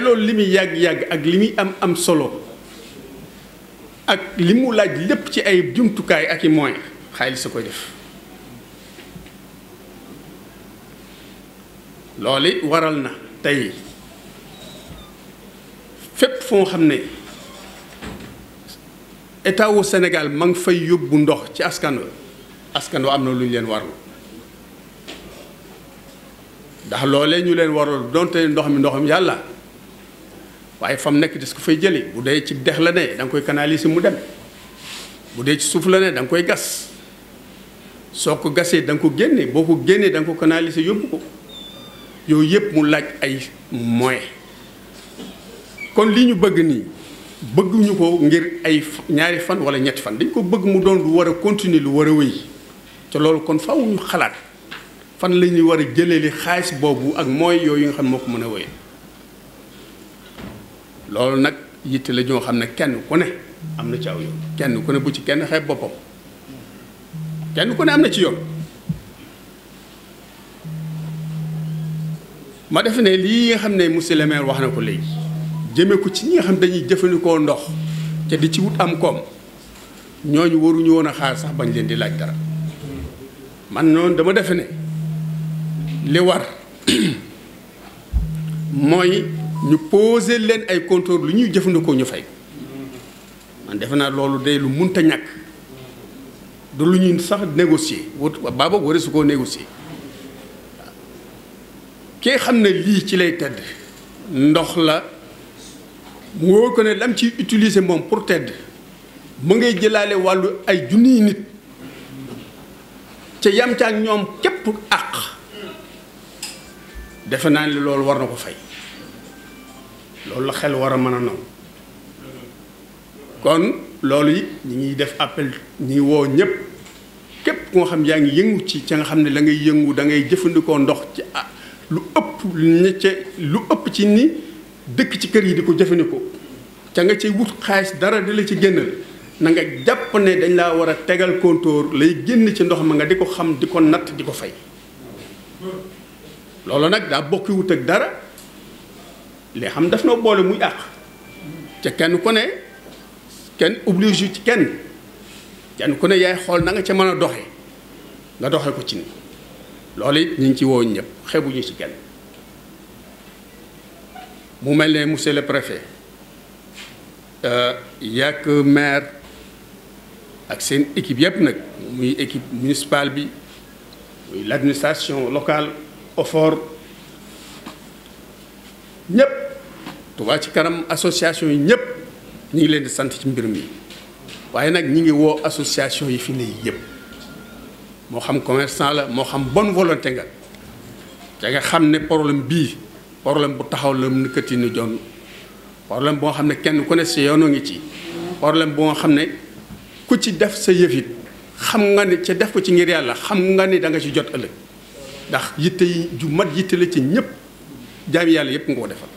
loolu li muy yàgg-yàgg ak li muy am am solo ak li mu laaj lépp ci ay jumtukaay ak i moyens xaalis sa koy def loolu waral na tey fépp foo xam ne état senegal Sénégal fay yóbbu ndox ci askan wa askan wa am na lu ñu leen warul ndax loolee ñu leen warul donte ndox mi ndoxam yàlla waaye fam nekk des ko fay jëli bu dee ci dex la ne da koy canaliser mu dem bu dee ci suuf la ne da koy gas soo ko gasee danga ko génne boo ko génnee danga ko canaliser yóbbu ko yooyu yëpp mu laaj ay moyens kon li ñu bëgg nii bëgguñu ko ngir ay ñaari fan wala ñetti fan dañ ko bëgg mu doon lu war a continuer lu war a wéy te loolu kon faaw xalaat fan la ñuy war a jëlee li xaalis boobu ak moyens yooyu nga xam moo ko mën a wéy loolu nag yitte la ñoo xam ne kenn ku ne am na ci aw yoon kenn ku ne bu ci kenn xeeb boppam kenn ku ne am na ci yoon ma defe ne lii nga xam ne monsieur le wax na ko léegi jëme ko ci ñi nga xam dañuy jëfandikoo ndox te di ci wut am koom ñooñu waruñu woon a xaar sax bañ leen di laaj dara man noonu dama defe ne li war mooy ñu posé leen ay compteur lu ñuy jëfandikoo ñu fay man defe naa loolu day lu munta ñàkk du lu ñuy sax négocier wut baaba war su koo négocier kee xam ne lii ci lay tedd ndox la mu wóor ko ne lam ci utilise moom pour tedd mu ngay jëlaale wàllu ay junniy nit ca yam ca ñoom képp àq defe naa ne loolu war na ko fay loolu la xel war a mën a naw kon loolu it ñi ngi def appel ñi woo ñëpp képp ku nga xam yaa ngi yëngu ci ca nga xam ne la ngay yëngu da ngay jëfandikoo ndox ci ah, lu ëpp lu ëpp ci ni dëkk ci kër yi di ko jëfandikoo ca nga ci wut xaalis dara di la ci génnal na nga jàpp ne dañ laa war a tegal compteur lay génn ci ndox ma nga di ko xam di ko natt di ko fay loolu nag daa bokkiwut ak dara li xam daf noo boole muy àq ca kenn ko ne kenn oblige yu ci kenn kenn ku ne yaay xool na nga ca mën a doxe nga doxe ko ci ni loolu it ñu ngi ci woo ñëpp xebuñu ci kenn mu mel ne monsieur le préfet euh, yàq maire ak seen équipe yëpp nag muy équipe municipale bi muy l' administration locale OFOR ñëpp Touba ci kanam association yi ñëpp ñu ngi leen di sant ci mbir mi waaye nag ñu ngi woo association yi fi nii yëpp moo xam commerçant la moo xam bonne volonté nga te nga xam ne problème bii problème bu taxaw la mu ni joon problème boo xam ne kenn ku ne si ngi ci problème boo xam ne ku ci def sa yëfit xam nga ni ca def ko ci ngir yàlla xam nga ni da nga ci jot ëllëg ndax yitte yi ju mat yitte la ci ñëpp jaami yàlla yëpp nga ko defal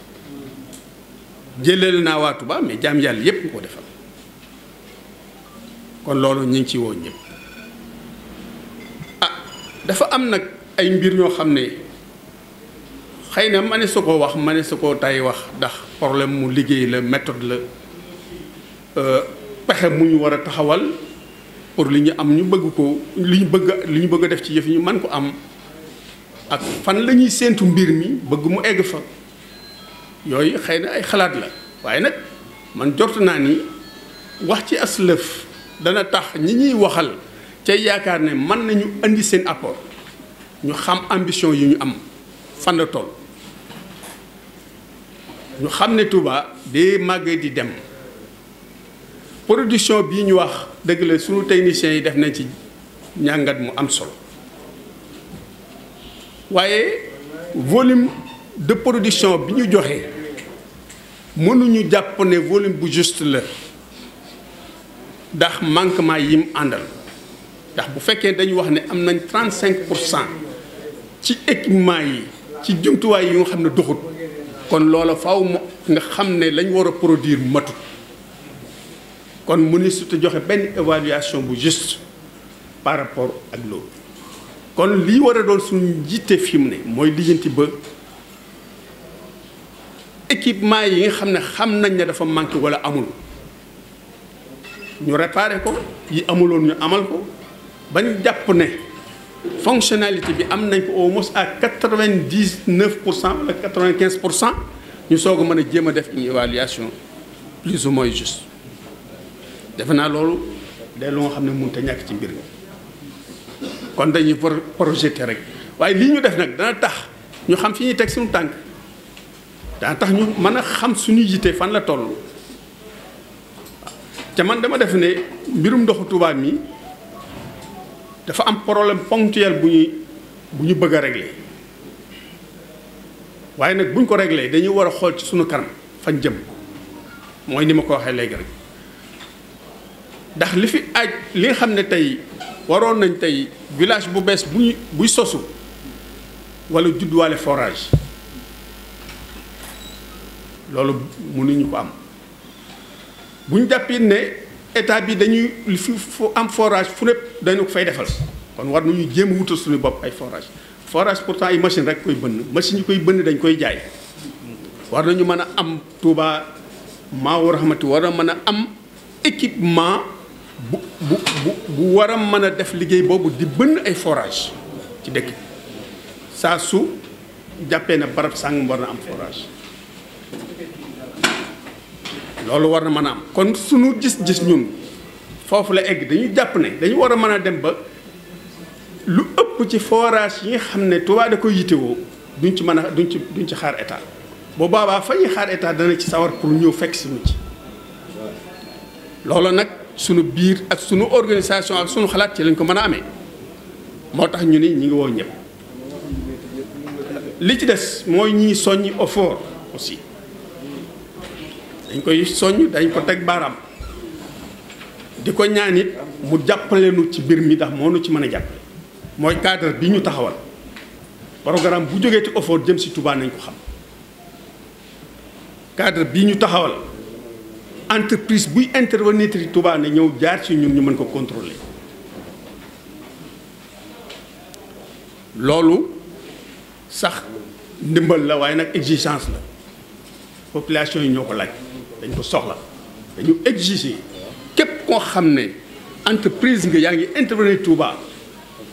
jëlal naa waa Touba mais jaam yàlla yépp nga ko defal kon loolu ñu ngi ci woon ñëpp ah dafa am nag ay mbir ñoo xam ne xëy na ma ne su ko wax ma ne su ko tay wax ndax problème mu liggéey la méthode la euh, pexe mu ñu war a taxawal pour li ñu am ñu bëgg ko li ñu bëgg li ñu bëgg def ci yëf ñu man ko am ak fan la ñuy séentu mbir mi bëgg mu egg fa yooyu xëy na ay xalaat la waaye nag man jort naa ni wax ci aslëf dana tax ñi ñuy waxal ca yaakaar ne mën nañu indi seen apport ñu xam ambition yi ñu am fan la toll ñu xam ne Touba day màgg di dem production bii ñu wax dëgg la sunu techniciens yi def nañ ci njàngat mu am solo waaye volume de production bi ñu joxe. mënuñu jàpp ne volume bu juste la ndax manquement yi mu àndal ndax bu fekkee dañu wax ne am nañ 35 pour cent ci équipement yi ci jumtuwaay yi nga xam ne doxut kon loola faw mu nga xam ne lañ war a produire matu kon ministre te joxe benn évaluation bu juste par rapport ak loolu kon lii war a doon suñu jiite fi mu ne mooy lijjanti ba équipement yi nga xam ne xam nañ ne dafa manqué wala amul ñu réparé ko yi amuloon ñu amal ko bañ jàpp ne fonctionnalité bi am nañ ko au moins à quatre vingt dix neuf pour cent wala quatre vingt quinze pour cent ñu soog a mën a jéem a def une évaluation plus ou moins juste defe naa loolu day lu nga xam ne mënut te ñàkk ci mbir mi kon dañuy projeté rek waaye lii ñu def nag dana tax ñu xam fi ñuy teg suñu tànk. daa tax ñu mën a xam suñu yitte fan la toll te man dama def ne mbirum ndoxu Touba mi dafa am problème ponctuel bu ñuy bu ñu bëgg a régler waaye nag buñ ko régler dañuy war a xool ci suñu kanam fañ jëm mooy ni ma ko waxee léegi rek ndax li fi aj li nga xam ne tey waroon nañ tey village bu bees buy buy sosu wala judduwaale forage loolu ñu ko am bu ñu jàppee ne état bi dañuy lu fi fu am forage fu lépp dañu ko fay defal kon war nañu jéem wutal suñu bopp ay forage forage pourtant ay machine rek koy bënn machine yi koy bënn dañ koy jaay war nañu mën a am Touba Maou Rahmati war a mën a am équipement bu bu bu war a mën a def liggéey boobu di bënn ay forage ci dëkk saa su jàppee na barab sàng war na am forage loolu war na mën a am kon suñu gis-gis ñun foofu la egg dañuy jàpp ne dañu war a mën a dem ba lu ëpp ci forage yi xam ne Touba da koy yittewoo duñ ci mën a duñ ci duñ ci xaar état bu boobaa fa ñuy xaar état dana ci sawar pour ñëw fekk suñu ci loolu nag sunu biir ak sunu organisation ak sunu xalaat ci lañ ko mën a amee moo tax ñu ni ñu ngi woo ñëpp li ci des mooy ñiy soññi effort aussi dañ koy soññ dañ ko teg baaraam di ko ñaan it mu jàppale nu ci mbir mi ndax moo nu ci mën a jàpp mooy cadre bi ñu taxawal programme bu jógee ci OFOR jëm si Touba nañ ko xam cadre bi ñu taxawal entreprise buy intervenir ci na ñëw jaar ci ñun ñu mën ko contrôler loolu sax ndimbal la waaye nag exigence la population yi ñoo ko laaj dañ ko soxla dañu exiger képp koo xam ne entreprise nga yaa ngi intervenir Touba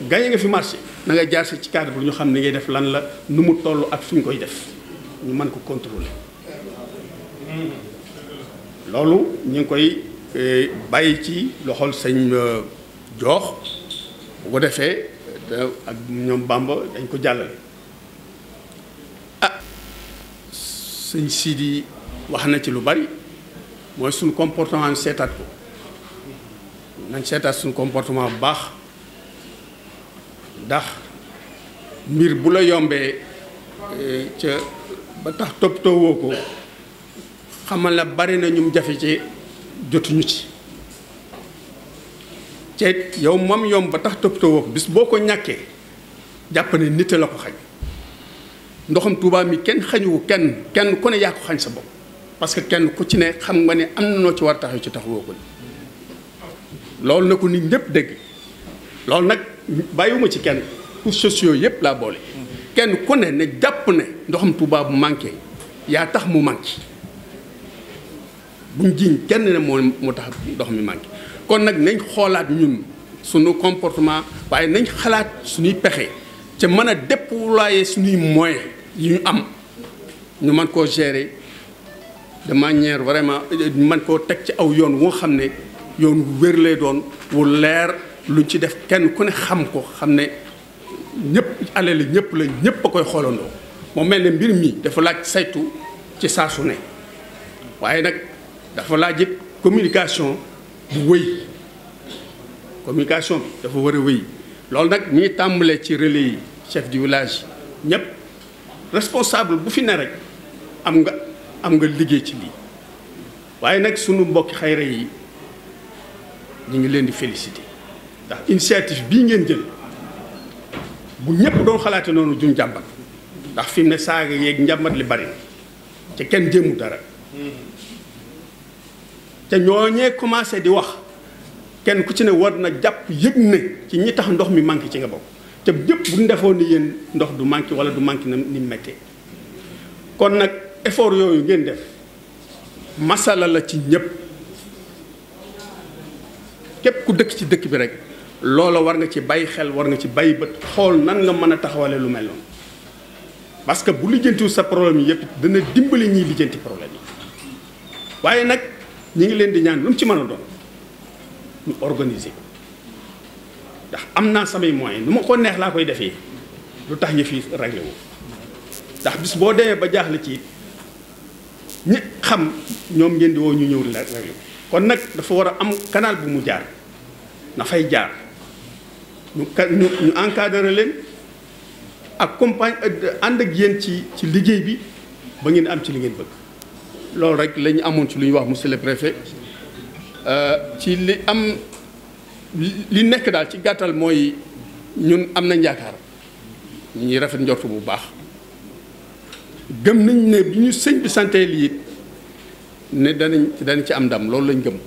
gagné nga fi marché na nga jaar si ci cadre bu ñu xam ne ngay def lan la nu mu toll ak fu ñu koy def ñu mën ko contrôler loolu ñu ngi koy euh, bàyyi ci loxol sëñ joox euh, bu ko defee ak ñoom Bamba dañ ko jàllale ah sëñ Sidi wax na ci lu bari mooy suñ comportement seetaat ko nañ seetaat suñ comportement bu baax ndax mbir bu la yombee eh, ca ba tax toppatoo woo ko xamal la bari na ñum jafe ci jotuñu ci ceet yow moom yomb ba tax toppatoo woo ko bis boo ko ñàkkee jàpp ne nit la ko xañ ndoxam Tuubaa mi kenn xañu kenn kenn ku ne yaa ko xañ sa bopp parce que kenn ku ci ne xam nga ni am na noo ci war taxaw ci taxawoo ko loolu na ko nit ñëpp dégg loolu nag bàyyiwuma ci kenn pour sociaux yëpp laa boole kenn ku ne ne jàpp ne ndoxum Tuuba bu manqué yaa tax mu manqué bu jiñ kenn ne moo mu tax ndox mi manqué kon nag nañ xoolaat ñun suñu comportement waaye nañ xalaat suñuy pexe ca mën a déployer suñuy moyens yi ñu am ñu mën koo gérer de manière vraiment man koo teg ci aw yoon woo xam ne yoon wu wér lay doon wu leer luñ ci def kenn ku ne xam ko xam ne ñëpp alal yi ñëpp la ñëpp a koy xoolandoo moo mel ni mbir mii dafa laaj saytu ci saa ne waaye nag dafa laaj it communication bu communication bi dafa war a wëy loolu nag mi ngi tàmbalee ci relais yi chef du village ñëpp responsable bu fi ne rek am nga. am nga liggéey ci lii waaye nag sunu mbokki xayra yi ñu ngi leen di félicité ndax initiative bii ngeen jël bu ñëpp doon xalaate noonu duñ jàmbat ndax fi mu ne saaga yeeg njàmbat li bari te kenn jéemu dara te ñooñee commencé di wax kenn ku ci ne war na jàpp yëg ne ci ñi tax ndox mi manqué ci nga bokk te ñëpp bu ñu defoon ni yéen ndox du manqué wala du manqué na ni mu kon nag effort yooyu ngeen def masala la ci ñëpp képp ku dëkk ci dëkk bi rek loola war nga ci bàyyi xel war nga ci bàyyi bët xool nan nga mën a taxawale lu mel noonu parce que bu lijjantiwul sa problème yi yëpp dana dimbali ñiy lijjanti problème yi waaye nag ñi ngi leen di ñaan lu mu ci mën a doon ñu organiser ndax am naa samay moyens nu ma ko neex laa koy defee lu tax yëf yi réglé ndax bis boo demee ba jaaxle ci ñi xam ñoom ngeen di woo ñu ñëw la kon nag dafa war a am canal bi mu jaar dafay jaar ñu ñu encadré leen accompagne euh, ànd ak yéen ci ci liggéey bi ba ngeen am ci li ngeen bëgg loolu rek la amoon ci lu ñu wax monsieur le préfet euh, ci li am li nekk daal ci gàttal mooy ñun am na yaakaar ñu ngi rafet njort bu baax gëm nañ ne bi ñu sëñ bi santee lii ne danañ danañ ci am ndam loolu lañ gëm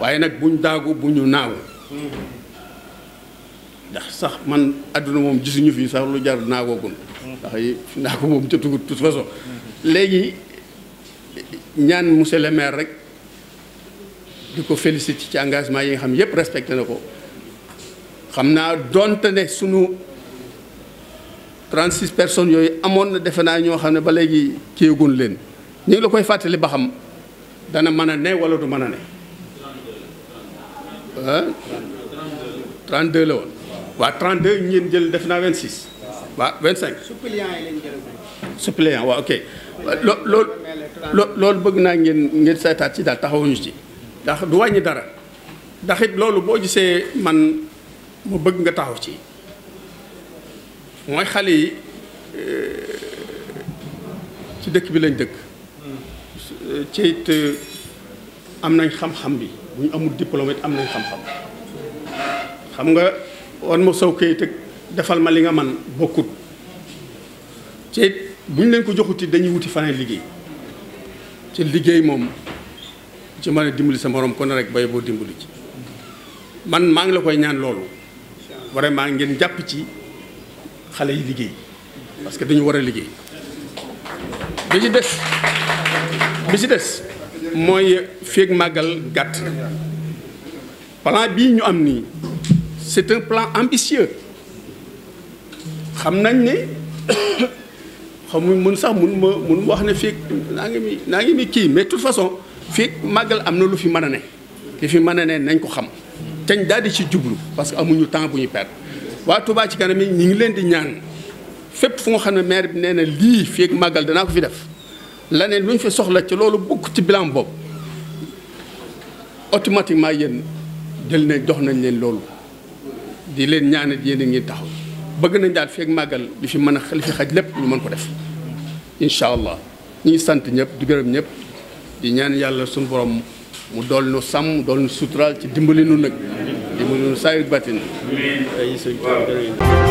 waaye nag buñ daagu bu ñu naaw ndax sax man àdduna moom gisuñu fi sax lu jar naagoogun ndax naagu moom ca tugut façon léegi ñaan monsieur le maire rek di ko féliciter ci engagement yi nga xam yépp respecté na ko xam naa donte ne sunu 36 personnes yooyu amoon na defe naa ñoo xam ne ba léegi kiigun leen ñu ngi la koy fàttali ba xam dana mën a ne wala du mën a ne. ah 32 la woon waa 32 ngeen jël def naa 26. waaw 25 suppléant yi lañ jël. suppléant ok loo loolu. loolu bëgg naa ngeen ngeen seetaat ci daal taxawuñu ci ndax du wàññi dara ndax loolu boo gisee man mu bëgg nga taxaw ci. mooy xale yi euh, ci dëkk bi lañ dëkk ci euh, am nañ xam-xam bi bu ñu amul diplôme am nañ xam-xam xam nga wan ma saw kayit ak defal ma li nga man bokkut ci it bu ñu leen ko joxuti dañuy wuti faneen liggéey ci liggéey moom ci mën a dimbali sa morom kon rek bay boo dimbali ci man maa ngi la koy ñaan loolu vraiment ngeen jàpp ci xale yi liggéey parce que dañu war a liggéey bi ci des bi ci des mooy feeg màggal gàtt plan bii ñu am nii c'est un plan ambitieux xam nañ ni xamuñ mun sax mun ma mun wax ne feeg naa ngi mi naa ngi mi kii mais de façon feeg màggal am na lu fi mën a ne ki fi mën a ne nañ ko xam teñ daal di ci jublu parce que amuñu temps bu ñu perdre waa tubaa ci kanam yi ñu ngi leen di ñaan fépp fu nga xam ne maire bi nee na lii fii màggal danaa ko fi def laneen lu ñu fi soxla ci loolu bokk ci bilan boobu automatiquement yéen jël nañ jox nañ leen loolu di leen ñaan yéen a ngi taxaw bëgg nañ daal feek màggal li fi mën a li fi xaj lépp ñu mën ko def incha allah ñi sant ñëpp di gërëm ñëpp di ñaan yàlla suñu borom mu dool nu sàmm dool nu suturaal ci dimbali nu nag amul saa yu bàttin. amiin